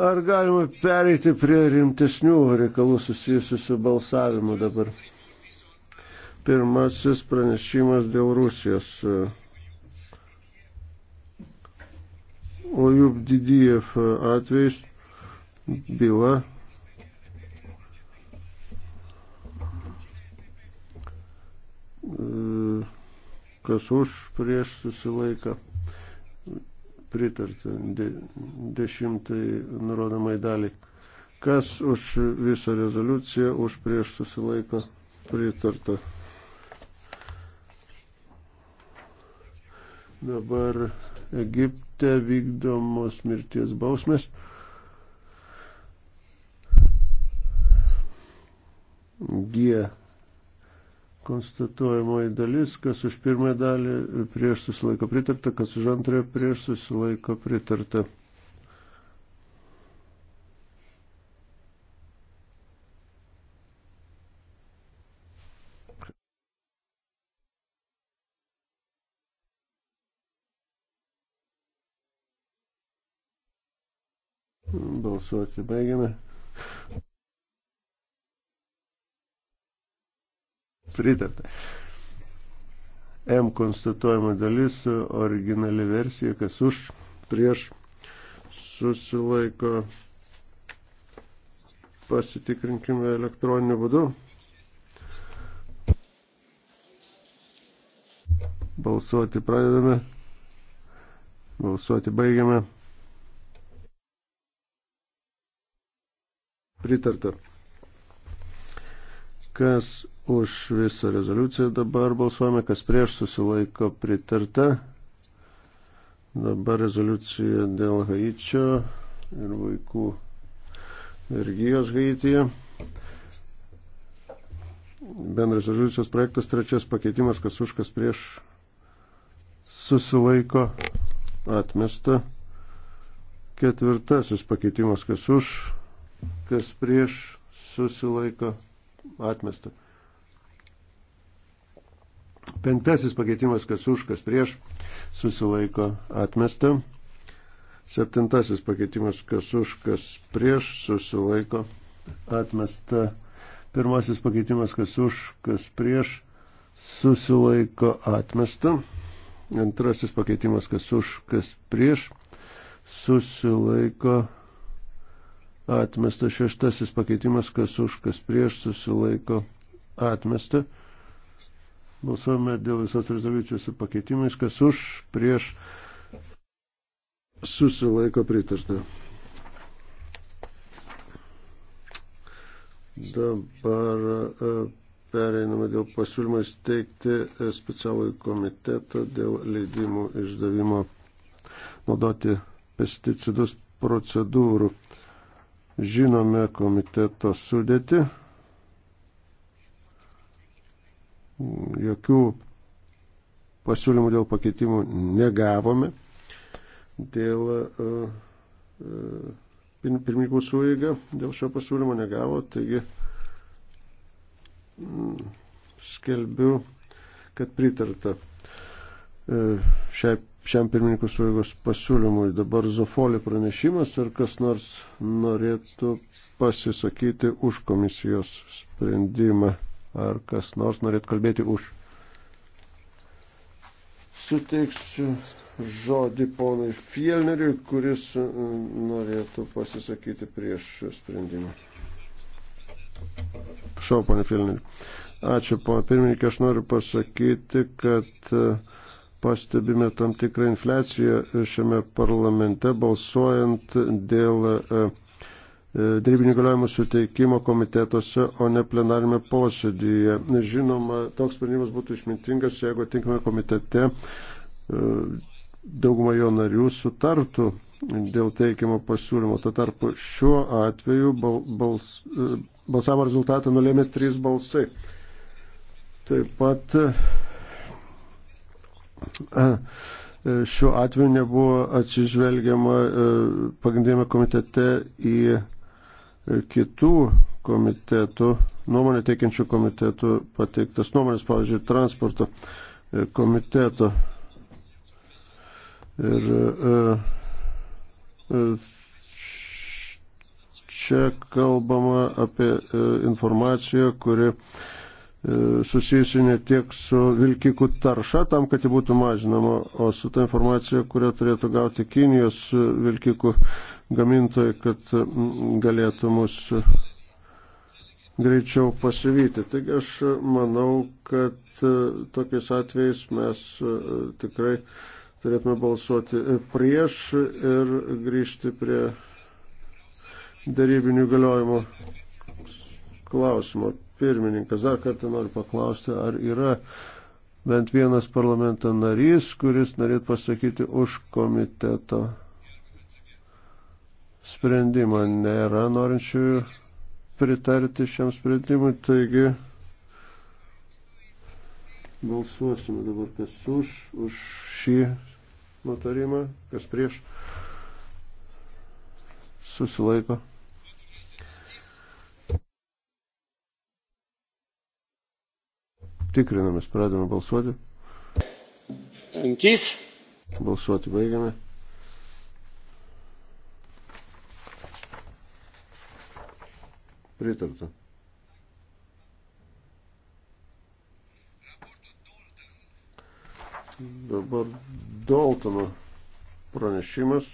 Ar galima pereiti prie rimtesnių reikalų susijusių su balsavimu dabar? Pirmasis pranešimas dėl Rusijos. O juk Didijev atvejs byla. Kas už prieš susilaiką? pritarta de, dešimtai nurodomai daliai. Kas už visą rezoliuciją, už prieš susilaiko pritarta. Dabar Egipte vykdomos mirties bausmės. G konstatuojamoji dalis, kas už pirmąją dalį prieš susilaiko pritarta, kas už antrąją prieš susilaiko pritarta. Balsuoti baigiame. Pritarta. M konstatuojama dalis, originali versija, kas už, prieš, susilaiko, pasitikrinkime elektroniniu būdu. Balsuoti pradedame, balsuoti baigiame. Pritarta. Kas už visą rezoliuciją dabar balsuojame, kas prieš susilaiko pritarta. Dabar rezoliucija dėl Haičio ir vaikų vergyjos Haityje. Bendras rezoliucijos projektas trečias pakeitimas, kas už, kas prieš susilaiko atmesta. Ketvirtasis pakeitimas, kas už, kas prieš susilaiko atmesta atmesta. Penktasis pakeitimas, kas už, kas prieš, susilaiko atmesta. Septintasis pakeitimas, kas už, kas prieš, susilaiko atmesta. Pirmasis pakeitimas, kas už, kas prieš, susilaiko atmesta. Antrasis pakeitimas, kas už, kas prieš, susilaiko atmesta atmesta. Šeštasis pakeitimas, kas už, kas prieš, susilaiko atmesta. Balsuojame dėl visos rezoliucijos su pakeitimais, kas už, prieš, susilaiko pritarta. Dabar e, pereinama dėl pasiūlymo įsteigti e, specialų komitetą dėl leidimų išdavimo naudoti pesticidus procedūrų. Žinome komiteto sudėti. Jokių pasiūlymų dėl pakeitimų negavome. Dėl uh, uh, pirmininkų suėga dėl šio pasiūlymo negavo, taigi mm, skelbiu, kad pritarta E, šiai, šiam pirmininkų suėgos pasiūlymui. Dabar Zofolį pranešimas ir kas nors norėtų pasisakyti už komisijos sprendimą. Ar kas nors norėtų kalbėti už. Suteiksiu žodį ponai Fielneriui, kuris e, norėtų pasisakyti prieš sprendimą. Prašau, ponai Fielneriui. Ačiū, ponai pirmininkė, aš noriu pasakyti, kad uh, pastebime tam tikrą infliaciją šiame parlamente balsuojant dėl e, e, dėrybinių galiojimų suteikimo komitetuose, o ne plenarime posėdyje. Žinoma, toks sprendimas būtų išmintingas, jeigu tinkame komitete e, dauguma jo narių sutartų dėl teikiamo pasiūlymo. Tuo tarpu šiuo atveju bal, bals, balsavo rezultatą nulėmė trys balsai. Taip pat Šiuo atveju nebuvo atsižvelgiama e, pagrindinėme komitete į e, kitų komitetų, nuomonę teikiančių komitetų pateiktas nuomonės, pavyzdžiui, transporto e, komiteto. Ir čia kalbama apie informaciją, kuri E, susijusi ne tiek su vilkikų tarša, tam, kad ji būtų mažinama, o su ta informacija, kurią turėtų gauti Kinijos vilkikų gamintojai, kad galėtų mus greičiau pasivyti. Taigi aš manau, kad e, tokiais atvejais mes e, tikrai turėtume balsuoti prieš ir grįžti prie darybinių galiojimo klausimo pirmininkas. Dar kartą noriu paklausti, ar yra bent vienas parlamento narys, kuris norėtų pasakyti už komiteto sprendimą. Nėra norinčių pritarti šiam sprendimui, taigi balsuosime dabar, kas už, už šį nutarimą, kas prieš susilaiko. Tikrinamės, pradame balsuoti. Ankys. Balsuoti baigiame. Pritarta. Dabar Daltono pranešimas.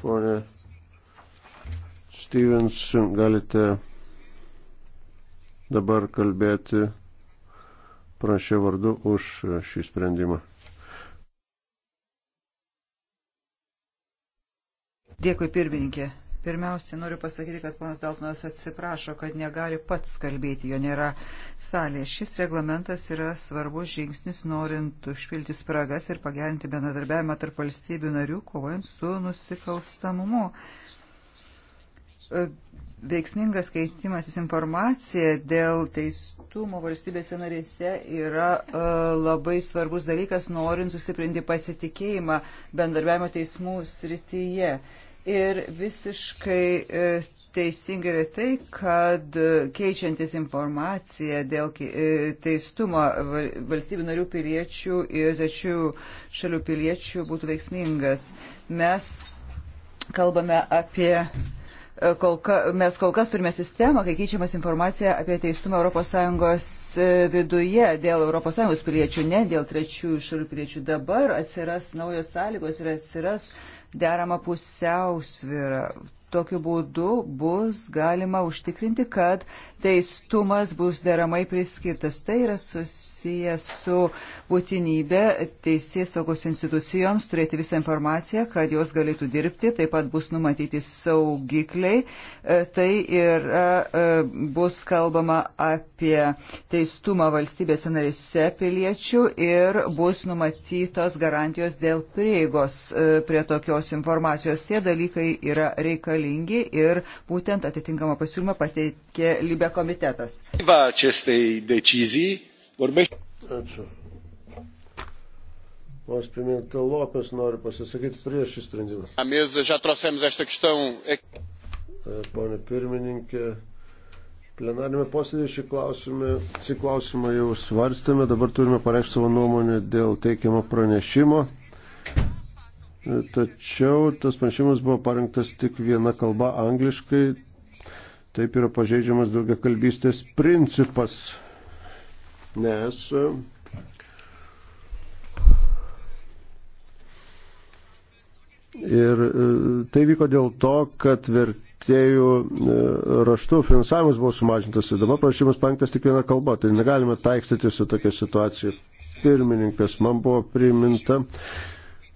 Pone Stevens, galite dabar kalbėti prašė vardu už šį sprendimą. Dėkui pirmininkė. Pirmiausia, noriu pasakyti, kad ponas Daltonas atsiprašo, kad negali pats kalbėti, jo nėra salėje. Šis reglamentas yra svarbus žingsnis, norint užpilti spragas ir pagerinti bendradarbiavimą tarp valstybių narių, kovojant su nusikalstamumu. E, veiksmingas keitimasis informacija dėl teistumo valstybėse narėse yra e, labai svarbus dalykas, norint sustiprinti pasitikėjimą bendarbiavimo teismų srityje. Ir visiškai e, teisingai yra tai, kad keičiantis informaciją dėl teistumo valstybių narių piliečių ir tačių šalių piliečių būtų veiksmingas. Mes kalbame apie kol ka, mes kol kas turime sistemą, kai keičiamas informacija apie teistumą ES e, viduje dėl ES piliečių, ne dėl trečiųjų šalių piliečių. Dabar atsiras naujos sąlygos ir atsiras derama pusiausvyrą. Tokiu būdu bus galima užtikrinti, kad teistumas bus deramai priskirtas. Tai yra susijęs susijęs su būtinybė teisės saugos institucijoms turėti visą informaciją, kad jos galėtų dirbti, taip pat bus numatyti saugikliai. E, tai ir e, bus kalbama apie teistumą valstybės narėse piliečių ir bus numatytos garantijos dėl prieigos e, prie tokios informacijos. Tie dalykai yra reikalingi ir būtent atitinkamą pasiūlymą pateikė Libė komitetas. Va, acestei decizii Vorbește... Ačiū. Nors Pimenta Lopes nori pasisakyti prieš šį sprendimą. E, pone pirmininkė, plenarinėme posėdėje šį klausimą, šį klausimą jau svarstėme, dabar turime pareikšti savo nuomonę dėl teikiamo pranešimo. E, tačiau tas pranešimas buvo parengtas tik viena kalba angliškai, taip yra pažeidžiamas daugia kalbystės principas nes e, ir e, tai vyko dėl to, kad vertėjų e, raštų finansavimas buvo sumažintas ir dabar prašymas panktas tik viena kalba, tai negalime taikstyti su tokia situacija. Pirmininkas man buvo priminta,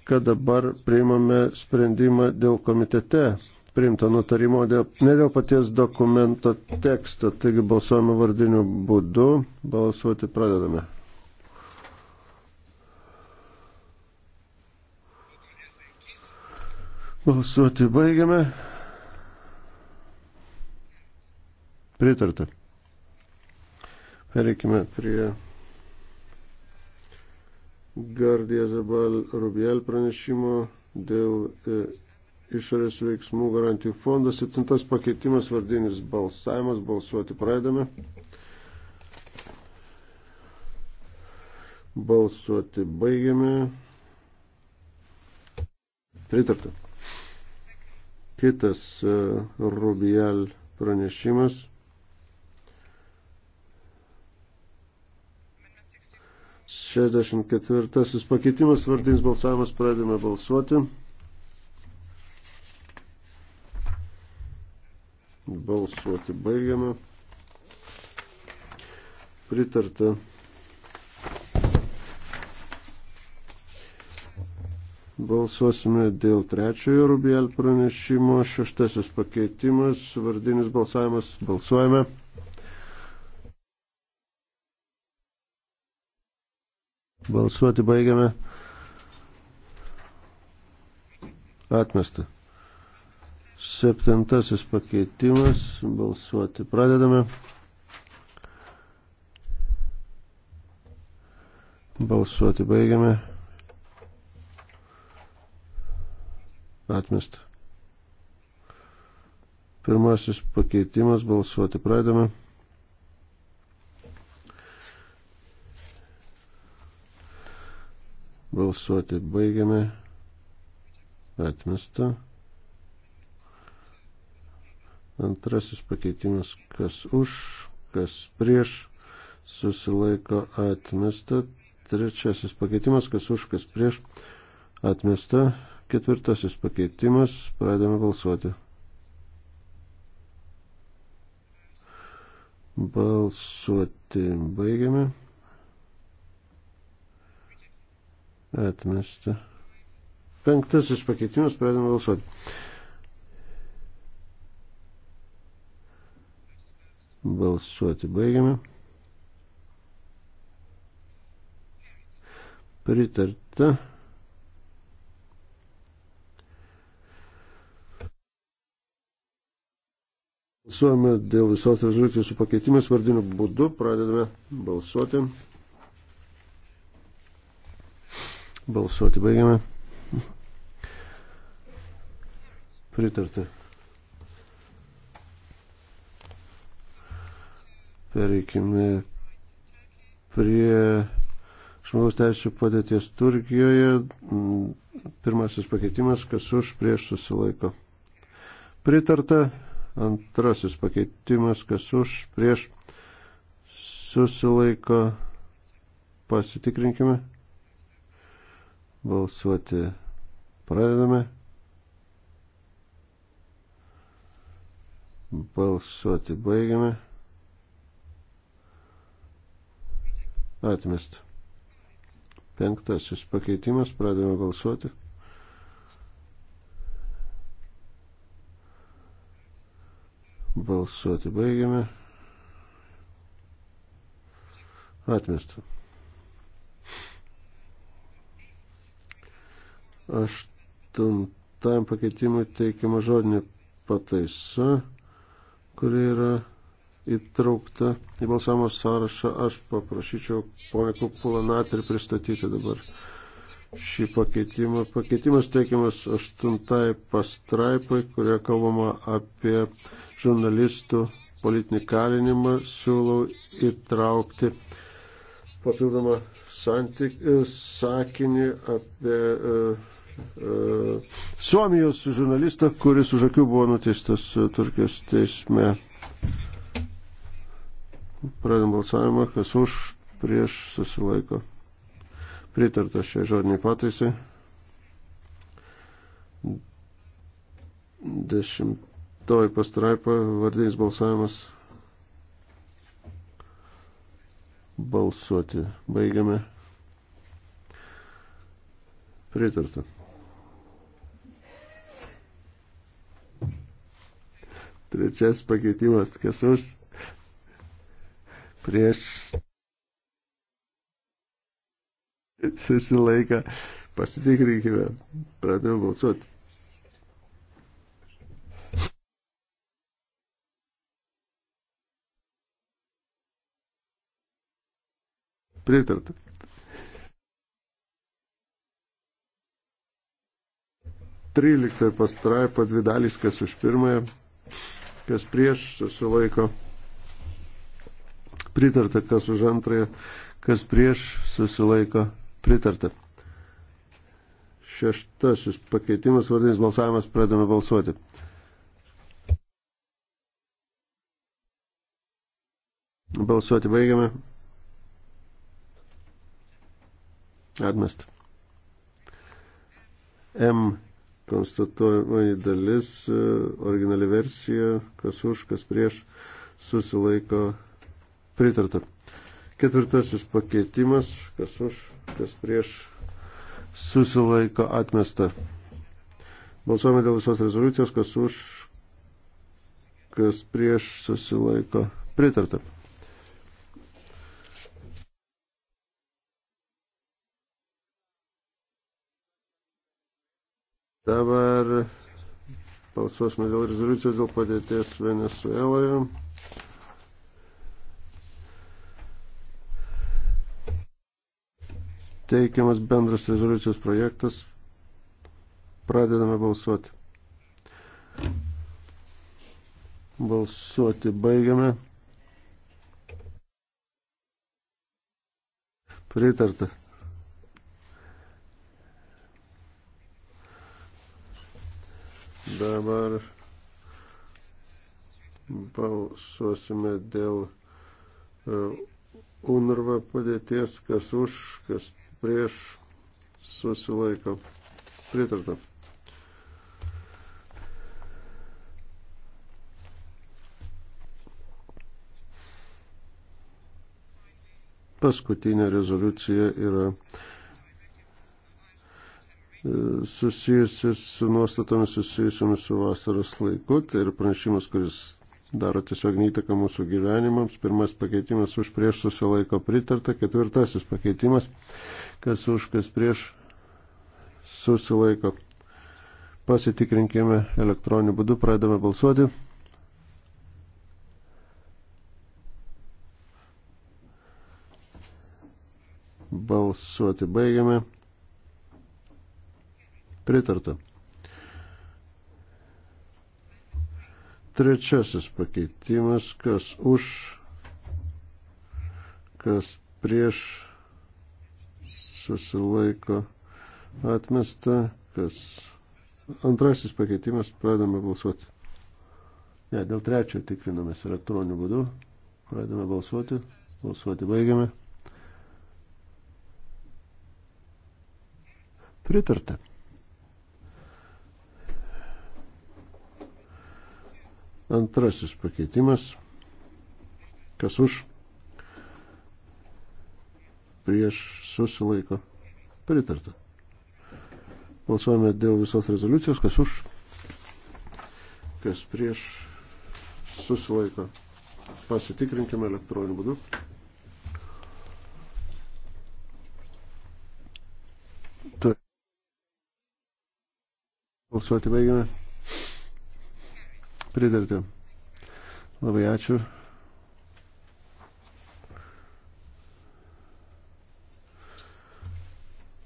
kad dabar priimame sprendimą dėl komitete priimta nutarimo dėl, ne dėl paties dokumento teksto, taigi balsuojame vardiniu būdu, balsuoti pradedame. Balsuoti baigiame. Pritarta. Pereikime prie Gardija Zabal Rubiel pranešimo dėl e, išorės veiksmų garantijų fondas. Septintas pakeitimas, vardinis balsavimas, balsuoti pradedame. Balsuoti baigiame. Pritarta. Kitas e, Rubial pranešimas. Šešdešimt ketvirtasis pakeitimas, vardinis balsavimas, pradedame balsuoti. Balsuoti baigiame. Pritarta. Balsuosime dėl trečiojo Rubiel pranešimo. Šeštasis pakeitimas, vardinis balsavimas. Balsuojame. Balsuoti baigiame. Atmesta. Septintasis pakeitimas. Balsuoti pradedame. Balsuoti baigiame. Atmesta. Pirmasis pakeitimas. Balsuoti pradedame. Balsuoti baigiame. Atmesta. Antrasis pakeitimas, kas už, kas prieš, susilaiko atmesta. Trečiasis pakeitimas, kas už, kas prieš, atmesta. Ketvirtasis pakeitimas, pradėme balsuoti. Balsuoti baigiame. Atmesta. Penktasis pakeitimas, pradėme balsuoti. Balsuoti baigiame. Pritarta. Balsuojame dėl visos rezoliucijos su pakeitimais vardiniu būdu. Pradedame balsuoti. Balsuoti baigiame. Pritarta. Pereikime prie žmogaus teisų padėties Turkijoje. Pirmasis pakeitimas, kas už prieš susilaiko. Pritarta. Antrasis pakeitimas, kas už prieš susilaiko. Pasitikrinkime. Balsuoti pradedame. Balsuoti baigiame. atmesta. Penktasis pakeitimas, pradėjome balsuoti. Balsuoti baigiame. Atmesta. Aštuntam pakeitimui teikiama žodinė pataisa, kuri yra įtraukta į balsavimo sąrašą. Aš paprašyčiau ponę Kupulanatį pristatyti dabar šį pakeitimą. Pakeitimas teikiamas aštuntai pastraipai, kurioje kalbama apie žurnalistų politinį kalinimą, siūlau įtraukti papildomą santyk, e, sakinį apie uh, uh, Suomijos žurnalistą, kuris už akių buvo nuteistas Turkijos teisme. Pradėm balsavimą, kas už, prieš, susilaiko. Pritarta šiai žodiniai pataisai. Dešimtoji pastraipa, vardinis balsavimas. Balsuoti. Baigiame. Pritarta. Trečias pakeitimas, kas už prieš susilaiką. Pasitikrinkime, pradėjau balsuoti. Pritarta. Tryliktą pastraipą dvi dalys, kas už pirmąją, kas prieš susilaiko pritarta, kas už antrąją, kas prieš susilaiko pritarta. Šeštasis pakeitimas, vardinis balsavimas, pradame balsuoti. Balsuoti baigiame. Atmest. M konstatuojamoji dalis, e, originali versija, kas už, kas prieš, susilaiko Pritarta. Ketvirtasis pakeitimas, kas už, kas prieš, susilaiko atmesta. Balsuojame dėl visos rezoliucijos, kas už, kas prieš, susilaiko pritarta. Dabar balsuosime dėl rezoliucijos dėl padėties Venezueloje. teikiamas bendras rezoliucijos projektas. Pradedame balsuoti. Balsuoti baigiame. Pritarta. Dabar balsuosime dėl e, UNRVA padėties, kas už, kas prieš susilaiko pritarta. Paskutinė rezoliucija yra e, susijusi su nuostatomis susijusiamis su vasaros laiku, tai ir pranešimas, kuris daro tiesiog neįtaką mūsų gyvenimams. Pirmas pakeitimas už prieš susilaiko pritarta, ketvirtasis pakeitimas, kas už, kas prieš susilaiko. Pasitikrinkime elektroniniu būdu, pradame balsuoti. Balsuoti baigiame. Pritarta. Trečiasis pakeitimas, kas už, kas prieš susilaiko atmesta, kas antrasis pakeitimas, pradame balsuoti. Ne, dėl trečio tikrinamės elektroniniu būdu, pradame balsuoti, balsuoti baigiame. Pritarta. Antrasis pakeitimas. Kas už? Prieš susilaiko. Pritarta. Balsuojame dėl visos rezoliucijos. Kas už? Kas prieš susilaiko. Pasitikrinkime elektroniniu būdu. Balsuoti baigiame. Pritarti. Labai ačiū.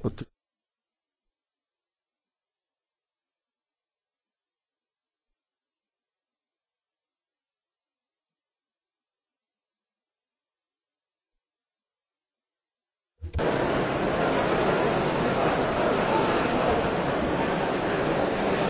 O tai